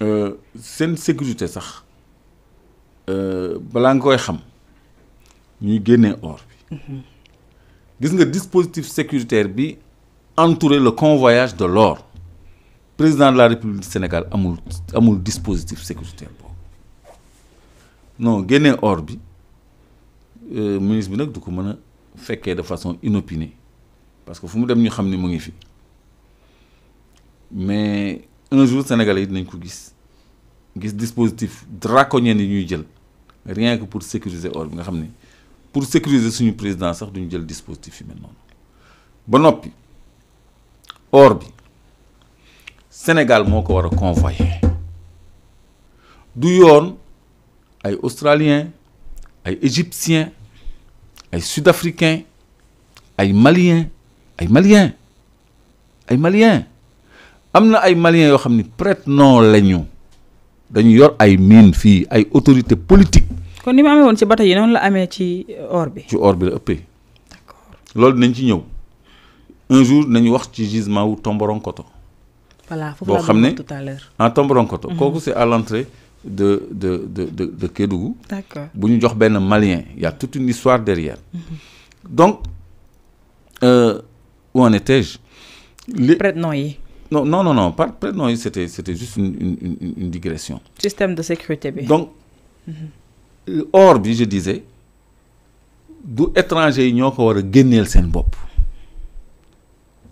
une euh, sécurité sax euh, balaa nga koy xam ñuy or bi mhm. gis nga dispositif sécuritaire bi entourer le convoyage de l'or président de la république du Sénégal amul amul dispositif sécuritaire non génnee or bi euh, ministre bi nag du ko fait de façon inopinée parce que nous savons dem ñu xam mais un jour sénégalais Sénégal, ko gis gis dispositif draconien yi ñuy jël rien que pour sécuriser or nga pour sécuriser suñu président sax duñu jël dispositif yi mel noonu ba nopi or bi Sénégal moko wara a des du yoon ay australiens ay égyptiens ay sud-africains ay maliens ay maliens ay maliens amna ay maliens yo xamni ni prête non la dañu yor ay mine fi ay autorité politique kon ni ma amé won ci y non noonu la amé ci or bi ci or bi la ëppee d'accord lolou nañ ci ñew un jour nañu wax ci gisement wu Tomboronkoto voilà foofu la tout à l'heure. en ah, Tomboronkoto mhm. koku c'est à l'entrée de de de de de Kédougou d'accord buñu jox ben malien il y a toute une histoire derrière mhm. donc euh, où en étais-je prête non yi non non non non pas c'était c'était juste une une une digression. système de sécurité donc mhm. or je disais d'où étranger yi ñoo le war a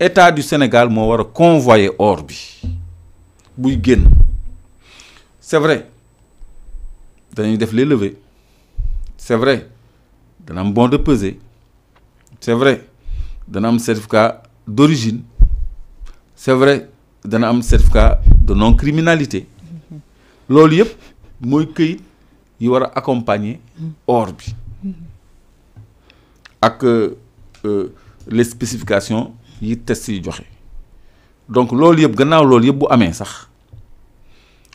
état du Sénégal m'a convoyé Orbi. or c'est vrai d'un def les c'est vrai fait bon de peser. c'est vrai fait certificat d'origine c'est vrai a am certificat de non criminalité loolu yëpp mooy këyit yi war a accompagner or bi ak euh, euh, les spécifications yi test yi joxe donc loolu yëpp gannaaw loolu yëpp bu amee sax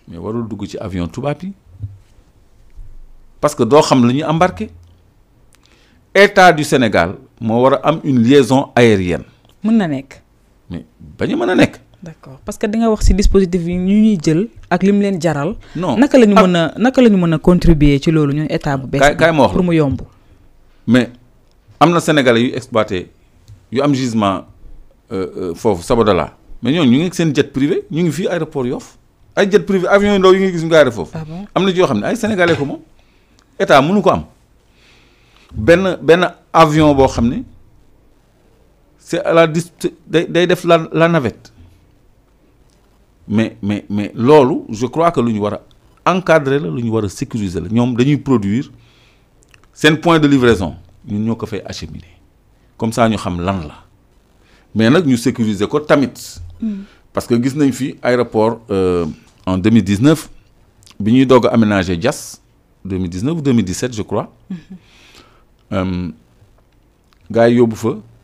mais warul dugg ci avion tubaab yi parce que doo xam la ñuy embarqué état du Sénégal moo war une liaison aérienne. mën na nekk mais bañu mën a nekk. d'accord parce que di nga wax ci dispositif yi ñu ñuy jël ak lim leen jaral. non naka la ñu ah. mën a naka la ñu mën a contribuer ci loolu ñun état bu bees. kaay ma wax pour mu yomb. mais am na sénégalais yu exploité yu am gisement euh, euh, foofu Sabodala mais ñooñu ñu ngi seen jet privé ñu ngi fii aéroport Yoff ay jet privé avion yu ndaw yu ngi gis ñu foofu. Ah am na ci yoo xam ne ay sénégalais ko moom état mënu ko am benn benn avion boo xam ne c'est la la navette mais mais mais je crois que nous devons encadrer la devons sécuriser ñom produire 5 points de livraison Nous, ñoko fay acheminer comme ça ñu xam lan la mais nous ñu sécuriser ko mm. parce que gis nañ fi aéroport euh, en 2019 nous dog aménager 2019 ou 2017 je crois. Mm-hmm. Euh, gars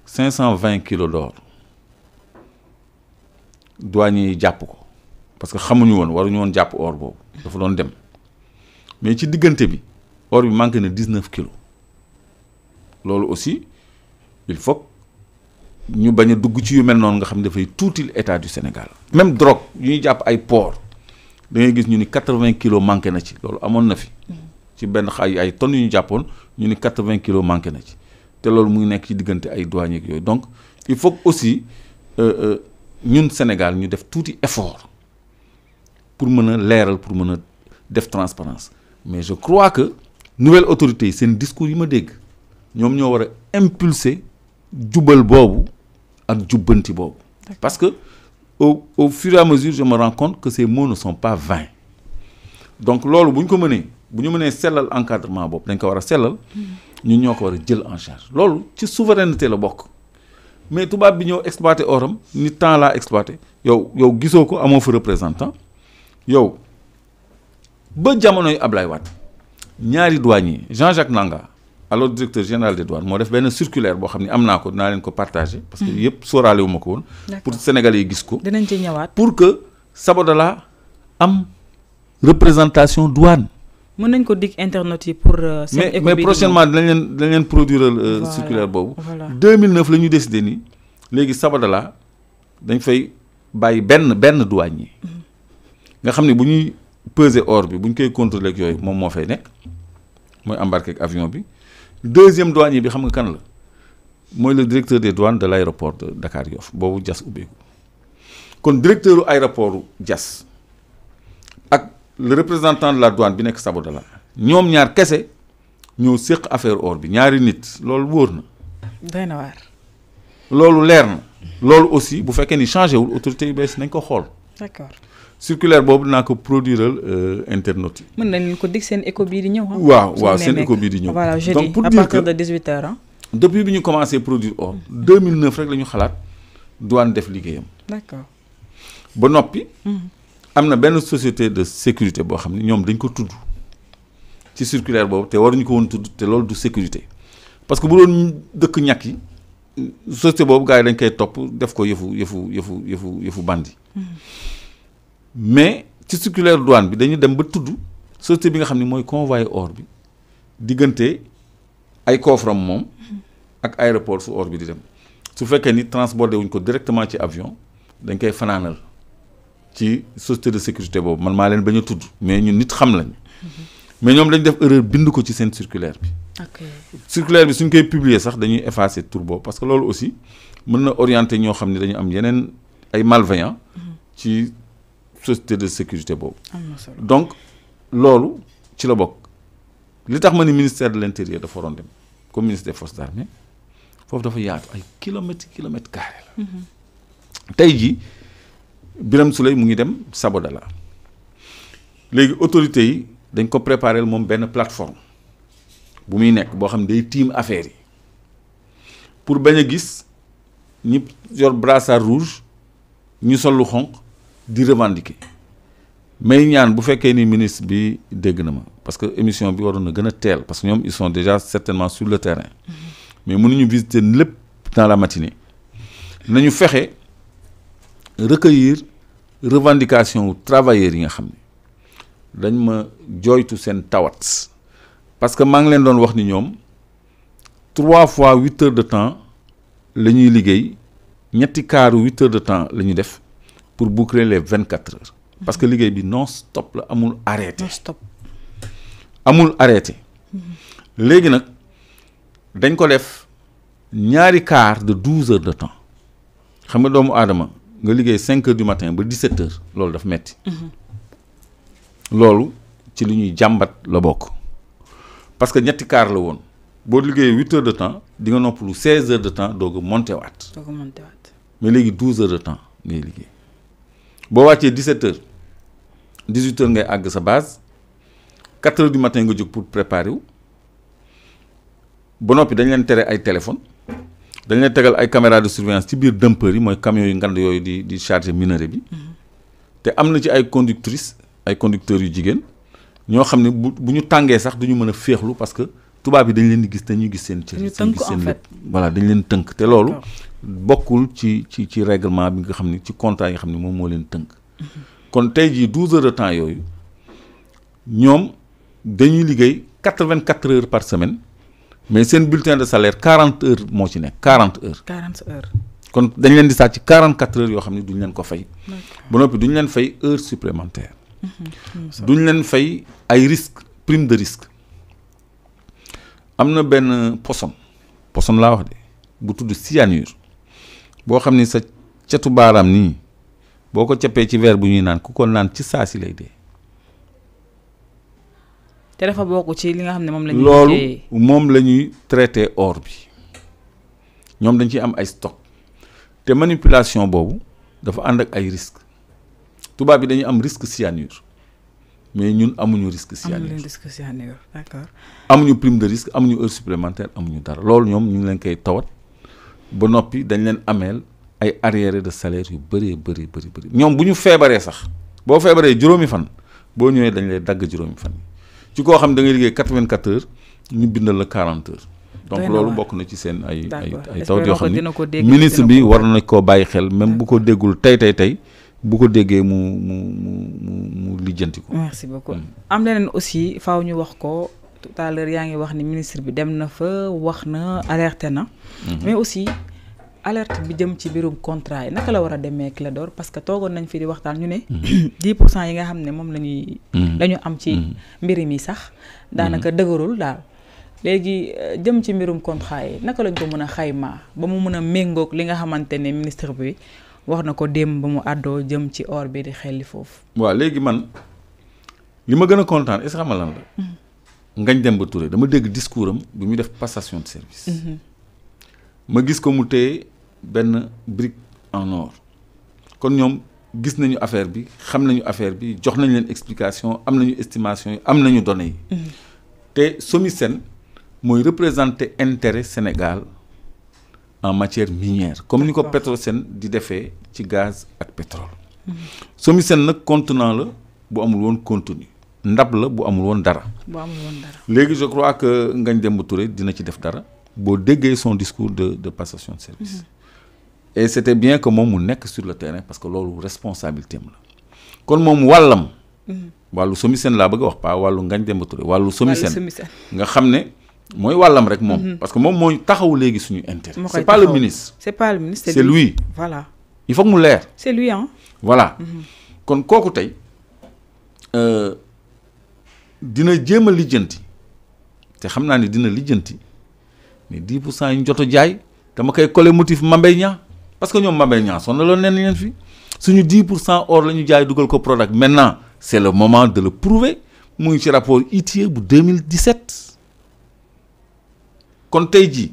520 kilos d'or douane japon, parce que xamuñu woon waruñu woon jàpp or boobu dafa doon dem mais ci diggante bi or bi manqué 19 kilos loolu aussi il faut ñu bañ a dugg ci yu mel noonu nga xam état du Sénégal même drogue nous ñuy jàpp ay port da ngay gis ñu ni 80 kilos manqué na ci loolu amoon na fi mm. ci benn xaay ay tonnes nous ñu ñu 80 kilos manqué na donc il faut aussi au euh, euh, Sénégal ñu def tout effort pour mener l'air, pour mën la transparence mais je crois que nouvelle autorité c'est un discours yi ma dégg ñoo war impulser jubal boobu ak parce que au fur et à mesure je me rends compte que ces mots ne sont pas vains donc loolu buñ ko bu ñu mënee sellal encadrement boobu dañ ko war a sellal ñun ñoo ko war a jël en charge loolu ci souveraineté la bokk mais tubaab bi ñëw exploité oram ni temps laa exploité yow yow gisoo ko amoo fa représentant yow ba jamonoy Ablaye Wade ñaari douanier Jean-Jacques Nanga alors directeur général des douanes moo def benn circulaire boo xam ne am naa ko dinaa leen ko partagé. parce que hmm. yëpp sóoraale wu ma ko woon. pour sénégalais yi gis ko. dinañ ci ñëwaat pour que Sabodala am représentation douane mën nañ ko dig internet yi pour. Euh, seen mais mais prochainement dinañ leen dinañ leen produire. Euh, circulaire boobu. voilà 2009 la ñu décidé ni léegi Sabodala dañ fay bàyyi benn benn douanier mhm. nga xam ne bu ñuy peser or bi bu ñu koy contrôler ak yooyu moom moo fay nekk mooy embarqué ak avion bi deuxième douanier bi xam nga kan la mooy le directeur des douanes de l' aéroport de Dakar Yoff boobu jas ubbeeku kon directeur aéroport Diass ak le représentant de la douane bi nekk Sabodala ñom ñaar kessé ñoo séq affaire or bi ñaari nit loolu wóor na. doy war waar. loolu leer na. loolu aussi bu fekkee ni changé wul autorité yu bees nañ ko xool. d'accord circulaire boobu dinaa ko Produire euh, internet. yi. mën nañ ko dig seen éco bii di ñëw. waaw ah. waaw seen éco bii di ñëw. voilà jeudi à partir de 18h. Ah. depuis bi ñu commencé produire or 2009 rek la ñu xalaat douane def liggéeyam. d'accord ba noppi. Mhm amna ben société de sécurité bo xamni ñom dañ ko tudd ci circulaire boobu te waruñu ko won tudd té loolu du sécurité parce que bu doon dëkk ñak yi société boobu gaay dañ koy top def ko yefu yefu yefu yefu yefu bandi hmm. mais ci circulaire douane bi dañu dem ba tudd société bi nga xamni moy mooy convoyé or bi diggante ay koofram mom hmm. ak aéroport su or bi di dem su fekkee ni transporté wuñ ko directement ci avion dañ koy fanaanal ci société de sécurité boobu man maa leen bañ a mais ñun nit xam lañ mais ñoom dañ def erreur bind ko ci circulaire bi. circulaire bi suñ koy publier sax dañuy effacer parce que aussi orienter dañu am société de sécurité donc ci la li tax ministère de l' intérieur comme des forces armées ay kilomètres kilomètres la. Mhm biram Souleye mu ngi dem Sabodala légui autorité yi dañ ko préparé mom ben plateforme bu muy nek bo xam ne day tiim affaire yi pour baña gis ñi yor brassard rouge ñu sol lu di revendiquer mais ñaan bu fekkee ni ministre bi dégg na ma parce que émission bi waroon na gën a teel parce que ñoom ils sont déjà certainement sur le terrain mm-hmm. mais mënuñu visiter lépp dans la matinée nañu fexe recueillir revendication travailleurs yi nga suis dañ ma parce que ma ngi len doon wax trois fois 8 heures de temps lañuy ñetti huit heures de temps def pour boucler les 24 heures parce que liggéey bi non stop la amul arrêté non stop amul arrêté légui dañ ko def ñaari quart de douze heures de temps doomu nga liggéey 5 heures du matin ba 17 heures loolu daf metti mhm. loolu ci li ñuy jàmbat la bokk parce que ñetti kaar la woon boo 8 heures de temps di nga noppalu 16 heures de temps doog a monté waat. doog a monté mais 12 heures de temps ngay liggéey boo wàccee 17 heures 18 heures ngay àgg sa base 4 heures du matin nga jóg pour préparer wu ba noppi dañ leen ay téléphone dañ lay tegal ay caméra de surveillance ci biir dëmpër yi mooy camion yu ngand yooyu di di charger minerai bi mhm. te am na ci ay conductrices ay conducteurs yu jigéen ñoo xam ne bu ñu tàngee sax duñu ñu mën a féexlu parce que tubaab bi dañ leen di gis dañuy gis seen cër dañuy gis seen lépp voilà dañ leen tënk te loolu bokkul ci ci ci règlement bi nga xam ne ci contrat yi nga xam ne moom moo leen tënk mhm. kon tey jii 12 heures de temps yooyu ñoom dañuy liggéey quatre heures par semaine mais seen bulletin de salaire quarante heures moo ci nekk quarante heures. quarante heures. kon dañ leen di sàcc quarante quatre heures yoo xam ne duñ leen ko fay. ba noppi duñ leen fay heure supplémentaire. Mhm. duñ leen fay ay risques prime de risque. am na benn poson poson laa wax de bu tudd cyanure boo xam ni sa catu baaraam nii boo ko cappee ci weer bu ñuy naan ku ko naan ci saa si lay dee. te dafa bokk ci li nga xam ne moom la ñuy loolu moom la ñuy traité or bi ñoom dañ ciy am ay stock te manipulation boobu dafa ànd ak ay risques tubaab yi dañuy am risque cyanure mais ñun amuñu risque cyanure amuñu risque cyanure d'accord amuñu prime de risque amuñu heure supplémentaire amuñu dara loolu ñoom ñu ngi leen koy tawat ba noppi dañ leen ameel ay arriérés de salaire yu bëree bëri bëri bëri ñoom bu ñu feebaree sax boo feebaree juróomi fan boo ñëwee dañ lay dagg juróomi fan. ci ko xam da ngay liggéey quatre vingt heures ñu bindal la quarante heures. donc loolu bokk na ci seen ay ay ay taw yoo xam ne ministre bi war na ko bàyyi xel même bu ko déggul tey tey tey bu ko déggee mu mu mu mu mu lijjanti merci beaucoup hmm. am leneen aussi faaw ñu wax ko tout à l'heure yaa ngi wax ni ministre bi dem na fa wax na alerté na hmm. mais aussi. alerte bi jëm ci biirum contrat yi naka la war a demee Clédor door que toogoon nañ fi di waxtaan ñu ne. 10 mm-hmm. pour cent yi nga xam ne moom la ñuy. Mm-hmm. la am ci mm-hmm. mbir mi sax. daanaka dëgërul daal. léegi euh, jëm ci mbirum contrat yi naka lañ ko mën a xaymaa ba mu mën a méngook li nga xamante ne ministre bi wax na ko démb ba mu àddoo jëm ci or bi di xelli foofu. waa léegi man li ma gën a kontaan est-ce que xam lan la. Ngagne Demba Touré dama dégg discours am bu ñu def passation de service. gis ko benn brique en or kon ñoom gis nañu affaire bi xam nañu affaire bi jox nañu leen explication am nañu estimation yi am nañu données yi mm-hmm. te SOMISEN mooy représenter intérêt Sénégal en matière minière comme ni ko Petrosen di defee ci gaz ak pétrole mm-hmm. SOMISEN nag contenant la bu amul woon contenu ndab la bu amul woon dara léegi je crois que ngañ Demba Touré dina ci def dara boo déggee son discours de de passation de service mm-hmm et c'était bien que moom nek sur le terrain parce que lolu responsabilité am la kon walam wàllam. Mm-hmm. wàllu Somisen laa bëgg a wax pas walu Ngagne dem Touré wàllu Somisen nga xam ne mooy wàllam rek mom mm-hmm. parce que mom mooy taxaw léegi suñu intérêt. c'est pas le ministre. c'est pas le ministre c'est lui. voilà il faut que mu leer. c'est lui hein. voilà mm-hmm. kon tay euh dina jéem a té xamna ni dina lijjanti mais 10 pour cent ñu jot jaay dama koy collé motif Mambey parce que nous sommes Niang sonaloon nous leen fi suñu 10 d'or, nous or un ñu jaay de ko maintenant c'est le moment de le prouver Nous avons ci rapport ITIE pour 2017 kon tey